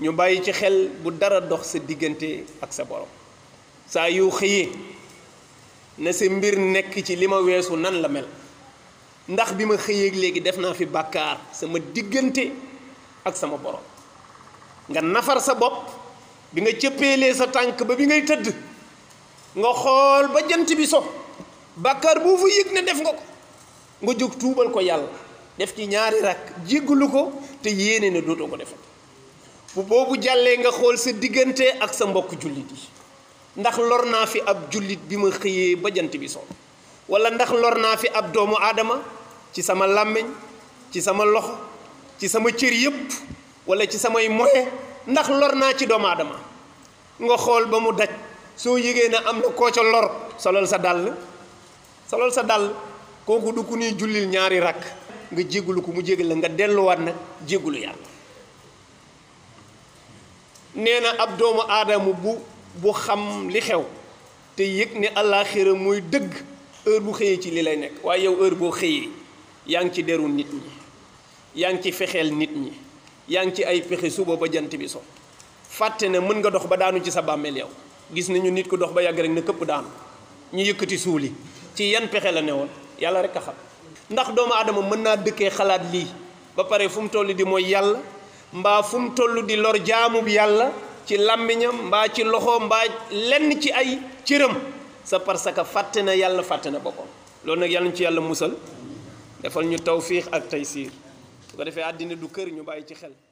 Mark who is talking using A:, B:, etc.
A: ñu bàyyi ci xel bu dara dox sa diggante ak sa borom saa yu xëyee na sa mbir nekk ci li ma weesu nan la mel ndax bi ma xëyeeg léegi def naa fi bàkkaar sama diggante ak sama borom nga nafar sa bopp bi nga cëppeelee sa tànk ba bi ngay tëdd nga xool ba jant bi so bàkkaar boo fa yëg ne def nga ko nga jóg tuubal ko yàlla def ci ñaari rakk jéggalu ko te yéene ne dootoo ko defal bu boobu jàllee nga xool sa diggante ak sa mbokk jullit yi ndax lor naa fi ab jullit bi ma xëyee ba jant bi so wala ndax lor naa fi ab doomu aadama ci sama làmmiñ ci sama loxo ci sama cër yépp wala ci samay moye ndax lor naa ci doomu aadama nga xool ba mu daj soo yëgee ne am na koo ca lor solal sa dàll solal sa dàll kooku du ku nuy jullil ñaari rakk nga jéggulu ko mu jégal la nga delluwaat nag yàlla nee na ab doomu aadama bu bu xam li xew te yëg ne àllaaxira muy dëgg heure bu xëyee ci li lay nekk waaye yow heure boo xëyee yaa ngi ci deru nit ñi yaa ngi ci fexeel nit ñi yaa ngi ci ay pexe suuba ba jant bi so fàtte ne mën nga dox ba daanu ci sa bàmmeel yow gis nañu nit ku dox ba yàgg rek na këpp daanu ñu yëkkati suuli ci yan pexe la ne woon yàlla rek a xam ndax doomu aadama mën naa dëkkee xalaat lii ba pare fu mu toll di mooy yàlla mbaa fu mu toll di lor jaamub yàlla ci làmmiñam mbaa ci loxo mbaa lenn ci ay cëram sa parce fàtte na yàlla fàtte na boppam loolu nag yàlla ñu ci yàlla musal defal ñu tawfiix ak taysiir su ko defee àddina du kër ñu bàyyi ci xel